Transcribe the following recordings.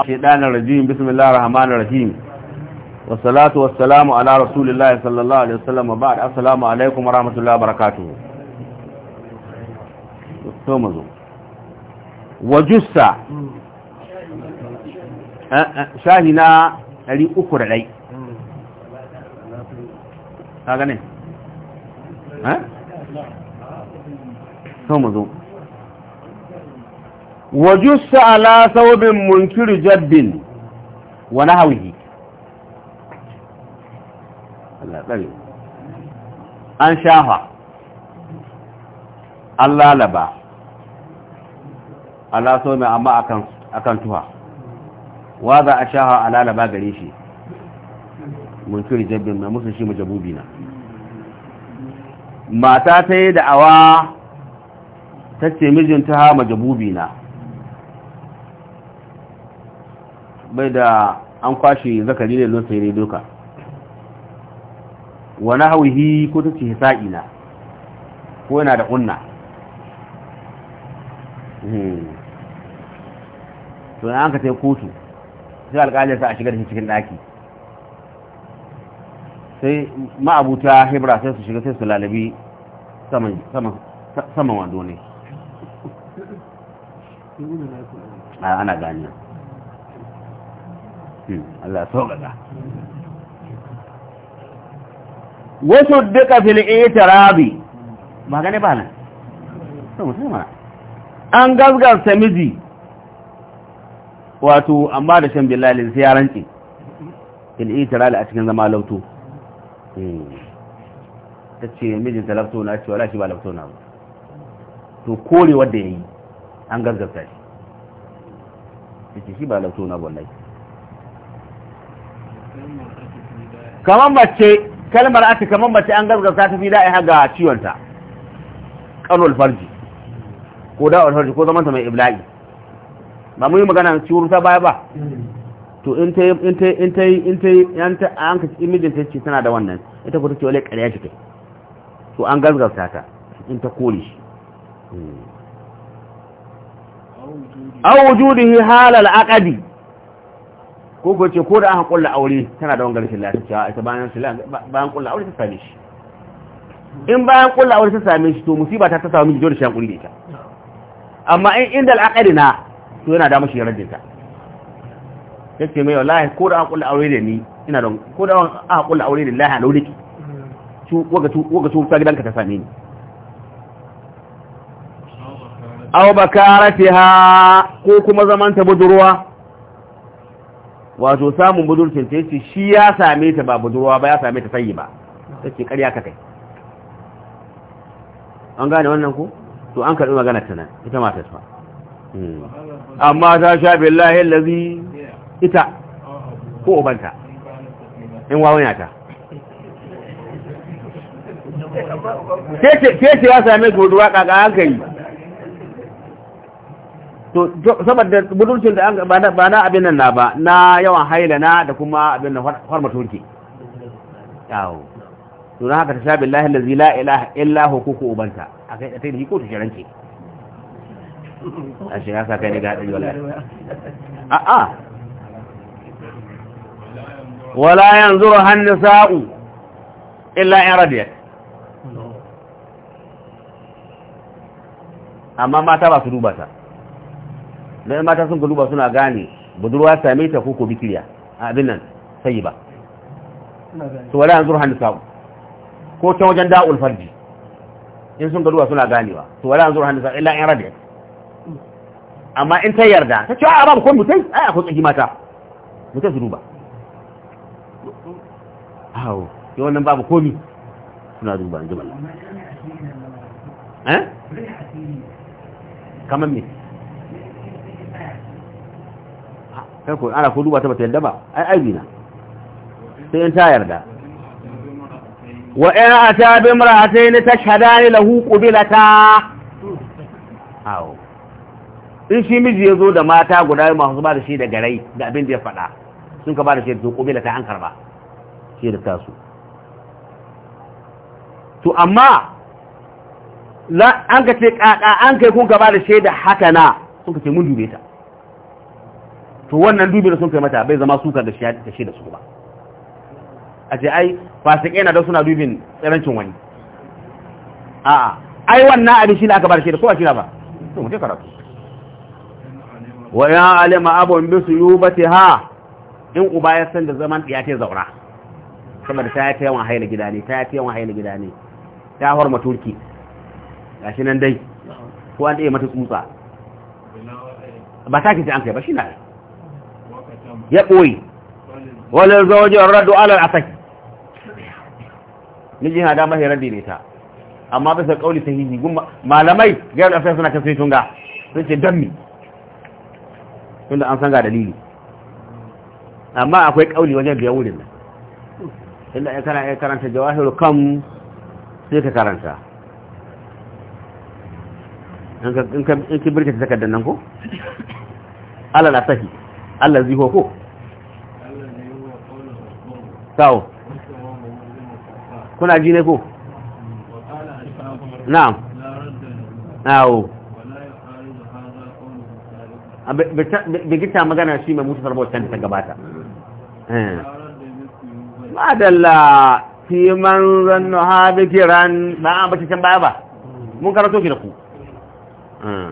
الشيطان الرجيم بسم الله الرحمن الرحيم والصلاة والسلام على رسول الله صلى الله عليه وسلم وبعد السلام عليكم ورحمة الله وبركاته تومزو وجسة أه، أه، شاهنا اللي أخر لي هذا نعم. ها أه؟ تومزو وجس على ثوب منكر wani hauhi. an shafa an lalaba ala so amma akan tuha wa za a shafa a lalaba gare shi munkiri jabbin mai musu shi majabubi na mata ta yi da'awa ta ce mijinta majabubi na bai da an kwashe zakari ne don sai duka wani hauhi ko ta ce sa'ina ko yana da unna hmm. to na an ka sai kotu sai alƙalin sa a shigar da cikin ɗaki sai ma'abuta hebra sai su shiga sai su lalabi saman wando ne ana ganiya Allah sauƙaƙa wasu duka fil'i tarabi ba gane ba nan an gasgasta miji wato amma da shan bilalin sai ya rance fil'i tarabi a cikin zama lauto ta ce mijin ta talabto na ce wala shi ba labto na to kore wadda ya yi an gasgasta shi ta ce shi ba labto na wallahi kamar mace kalmar ake kamar mace an gaskata ta fi da'i ga ciwonta kanul farji ko da'ul farji ko zamanta mai ibla'i ba mu yi magana ciwon ta baya ba to in ta in ta in ta in ta in ta an ka imijin ta ce tana da wannan ita ko ta ce wale ƙarya take to an gaskata ta in ta koli shi hmm. aw wujudihi halal aqadi ko ko ce ko da aka kulla aure tana da wangar shirya ta cewa ita bayan shilla bayan kulla aure ta same shi in bayan kulla aure ta same shi to musiba ta ta samu miji da shan kulle ta amma in inda al'aqari na to yana da mashi yarda ta yace mai wallahi ko da aka kulla aure da ni ina da ko da aka kulla aure da lahi a lauliki su waga su waga ta gidanka ta same ni aw bakaratiha ko kuma zaman ta budurwa wato samun budurcin ta yace shi ya same ta ba budurwa ba ya same ta sayi ba take ƙarya ka kai an gane wannan ko to an karɓi magana ta nan ita ma ta tsuwa hmm. amma ta sha billahi allazi ita ko ubanta in wawanya ta ke ce ya same guduwa kaka hankali to saboda budurcin da ba na abin nan na ba na yawan haila da kuma abin nan hormata hulki yawo to na haka ta sha billahi lazi la ilaha illa hukuku ubanta a kai ta yi ko ta shiranci a shi ya sa kai ne ga haɗari wala a a wala yanzu hannu sa'u illa in radiyar. amma mata ba su duba ta dan mata sun duba suna gane budurwa same ta ko ko bikiriya abin nan sai ba to wala an hannu sabu ko ta wajen da'ul farji in sun duba suna ganewa to wala an hannu sabu illa in rabi amma in ta yarda ta ce a babu ko mutai ai akwai tsaki mata mutai su duba awo yi wannan babu komi suna duba in ji balla eh kamar mai kai ko ana ko duba ta bata yadda ba ai aibi na sai in ta yarda wa in ata bi imra'atayn tashhadani lahu qubilata aw in shi miji yazo da mata guda ma su ba da shi da garai da abin da ya faɗa sun ka ba da shi da qubilata an karba shi da tasu to amma an ka ce kaka an kai kun ka ba da da haka na sun ka ce mun dube ta to wannan dubi da sun kai mata bai zama suka da shi da su ba a ce ai fasikai na don suna dubin tsarancin wani a'a ai wannan abin shi da aka bar shi da kowa da ba to mu je karatu wa ya alima abun bi ha? in uba ya san da zaman ya ta zaura saboda ta ta yawan haila gida ne ta ta yawan haila gida ne ta horma turki gashi nan dai ko an dai mata tsutsa ba ta kici an kai ba shi na ya ɓoye wani zaujin raddu alal asai jin hada mahi radi ne ta amma bisa kauli sahihi gun malamai gairar asai suna kasai tunga sun ce don mi tunda an san ga dalili amma akwai kauli wajen biya wurin nan inda ya kana ya karanta jawahiru kam sai ka karanta in ka birkita takardar nan ko alal asahi Allah huwa ko kawo kuna ji ne ko na'am awo bigita magana shi mai mutu sarbotan ta gabata eh. madalla fi man zannu ha bikiran ba an bace can baya ba mun karato ki da ku eh.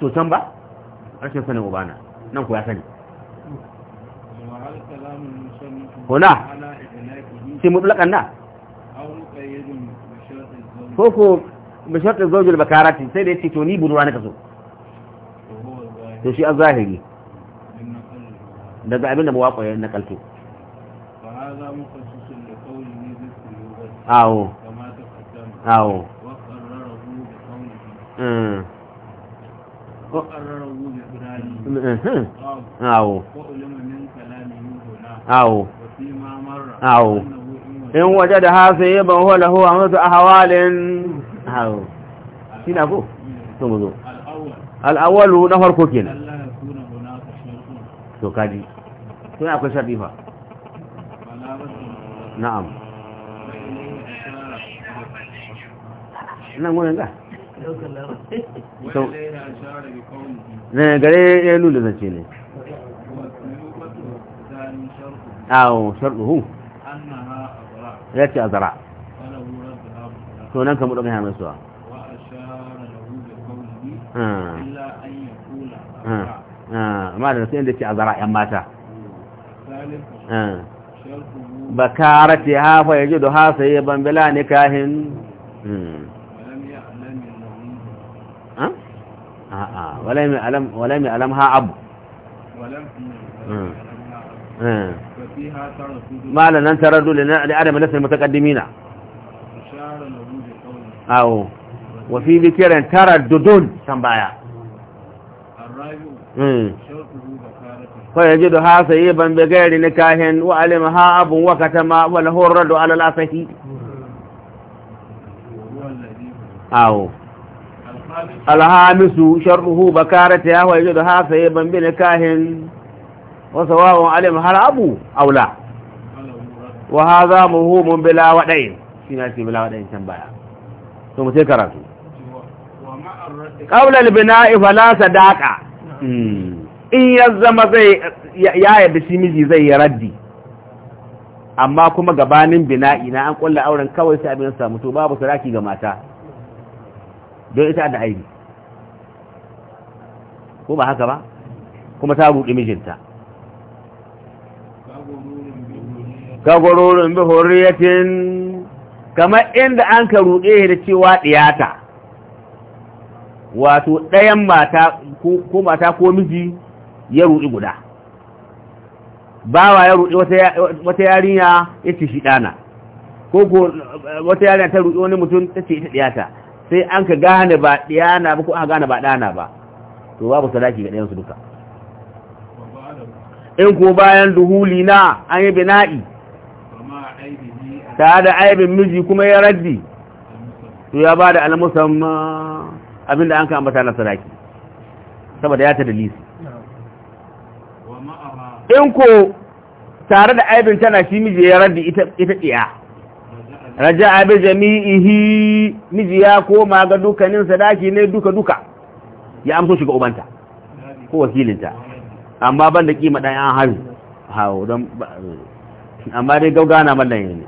to can ba rashin sanin ubana nan ku ya sani huna sai mutlakan na ko ko bishartar zaujul bakarati sai da ya ce to ni budurwa na kaso to shi a zahiri daga abinda mawaƙo ya nakalto awo awo Mm. awo in waje da hafi yi ban huwa mutu a hawalin na ko sun guzo al'awalu na farko ke to kaji na'am nan ga ne gare ya nuna zance ne awo hu? ya ce a zara to nan kamar ɗaga hamar suwa ah. Ah. Ah. amma da nasu inda ce a zara ‘yan mata ba kara ce hafa ya ji da hasa yi bambila nikahin hmm. ولم يعلم ولم يعلمها أب ولم ففيها تردد ما لن تردد لعدم نفس المتقدمين أشار له بقوله أو وفي ذكر تردد سنبايا الرابع شرطه فيجدها سيبا بغير نكاه وعلمها أب وكتما وله الرد على الأصحي أو alhamisu sharruhu bakarata ya waje da hasa ya bambi na kahin wasu wawon alim har abu aula wa ha za mu humun bila waɗayin shi na ce bila waɗayin can baya to mu sai karatu ƙaunar libina ifalasa daƙa in ya zama zai ya yadda shi miji zai yi raddi amma kuma gabanin bina'i na an ƙulla auren kawai sa abin samu to babu saraki ga mata don ita da aini ko ba haka ba kuma ta buɗe mijinta kagororin bi kamar inda an ka ruɗe da cewa ɗiyata wato ɗayan mata ko mata ko miji ya ruɗi guda bawa ya ruɗi wata yarinya ya ce shi ɗana ko ko wata yarinya ta ruɗi wani mutum ta ce ita ɗiyata sai an ka gane ba ɗiyana ba ko an gane ba ɗana ba to babu sadaki ga ɗayansu duka in ko bayan duhuli na an yi bina'i ta da aibin miji kuma ya raddi to ya ba da almusan abinda an ka ambata na sadaki saboda ya ta lisi in ko tare da aibin tana shi miji ya raddi ita ɗiya. raja'a bi jami'ihi miji ya koma ga dukanin sadaki ne duka duka ya amso shiga ubanta ko wakilinta amma ban da kima dan an hari ha don amma dai gaugana mallan ne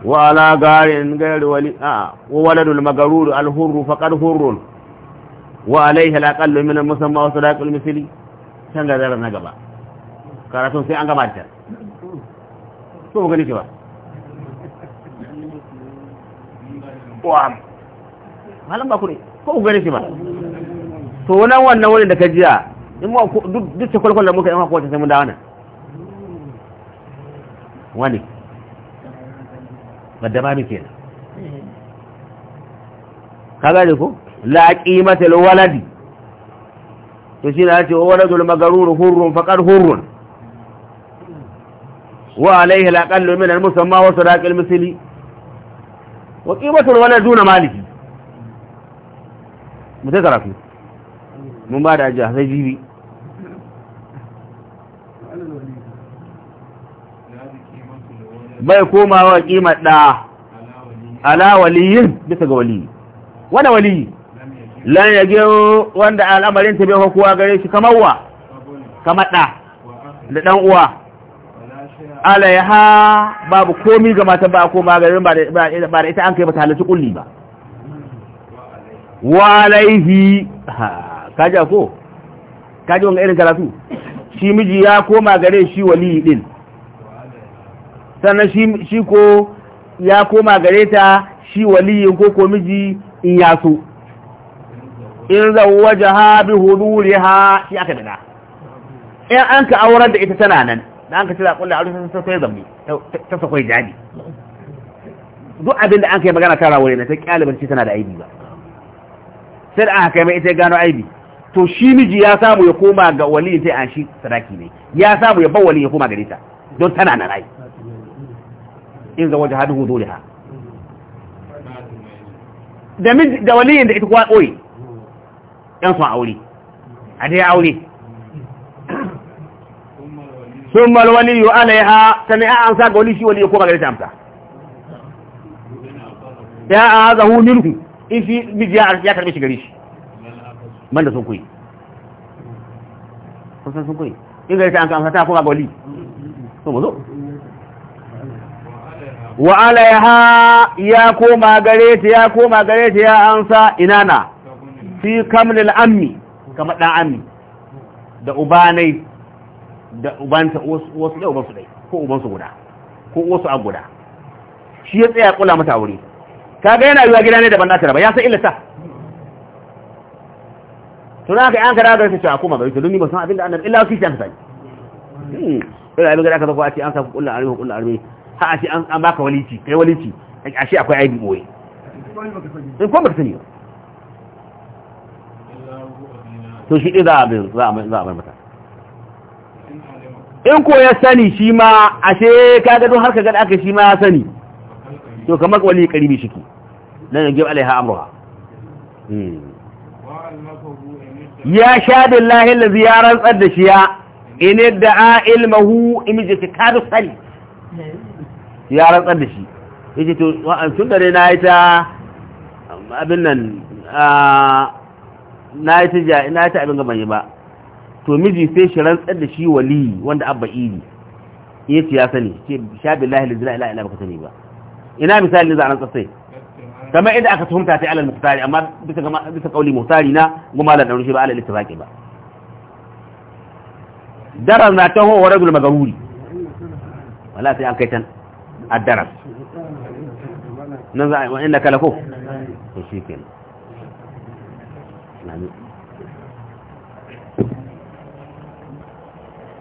wa ala garin gairu wali a wa waladul magarur al hurru faqad hurrun wa alayhi al aqallu min al musamma wa sadaqul misli can ga na gaba karatun sai an gabata so gani ke ba wam malam ba ne ko ku gani shi ba to nan wannan wani da ka jiya in ma duk ta kwalkwal da muka yi ma kowace sai mun dawo nan wani wadda ba muke nan ka gani ko la qimata lil waladi to shi na ce waladul magarur hurrun faqad hurrun wa alaihi al aqallu min al musamma wa sadaq misli wa qimatul walad duna maliki mu sai karatu mun ba da ajiya sai jibi bai komawa kimar da ala waliyin bisa ga waliyi wani waliyi lan ya gero wanda al'amarin ta bai hukuwa gare shi kamar wa kamar da da dan uwa alaiha babu komi ga mata ba ko magarin ba da ita an kai ba ta halarci kulli ba wa alaihi kaja ko kaji wanga irin karatu shi miji ya koma gare shi wali din sannan shi ko ya koma gare ta shi wali ko ko miji in yaso in in waje ha bi ha shi aka dada in an ka auren da ita tana nan da an ka cira kullu a rufin sai zambi ta sakwai jadi duk abin da an kai magana tara wuri na ta kyalibar ce tana da aibi ba sai da aka kai mai ita gano aibi to shi miji ya samu ya koma ga wali sai an shi sadaki ne ya samu ya bar wali ya koma gare ta don tana na rai in zawaja hadu ha da waliyin da ita kuwa ɓoye ‘yan son aure, a dai aure, sun malwali yi ya ta ne an sa ga wani shi wani ya koma gari ta amsa ya a haza hu minhu in shi mijiya ya karbe shi gari shi man da sun kuyi kusan sun in gari ta an amsa ta koma ga wali so mazo wa alaiha ya koma gare ta ya koma gare ta ya ansa inana fi kamlil ammi kama ɗan ammi da ubanai da ubanta wasu da ubansu dai ko ubansu guda ko wasu a guda shi ya tsaya kula mata wuri kaga yana yiwa gida ne daban tara ba ya san illata to na kai an kara da ta kuma bai to dun ni ba san abin da annabi illa kishi an hmm. sai ina abin da aka zako a ci an sa kullu armi kullu armi ha a ci an baka walici kai walici a akwai aibi boye in ko baka sani ba to shi abin za a za a mata in ko ya sani shi ma ashe ka gado har ka gada aka shi ma ya sani to kamar wali karibi shiki nan yajib alaiha amruha hmm. ya sha billahi allazi ya rantsar da shi ya in da'a ilmahu imiji ka da sani ya rantsar da shi ce to tun dare na yi ta abin nan na yi ta abin gaban yi ba to miji sai shi rantsar da shi wali wanda abba ili ya ce ya sani ce sha billahi la ilaha illa baka sani ba ina misali za a rantsar sai kamar inda aka tuhumta ta alal muhtari amma bisa bisa kauli muhtari na goma da dauri shi ba alal ittifaqi ba darar na taho wa rajul magaruri wala sai an kai tan addarar nan za a yi wa inda kala ko to shi kenan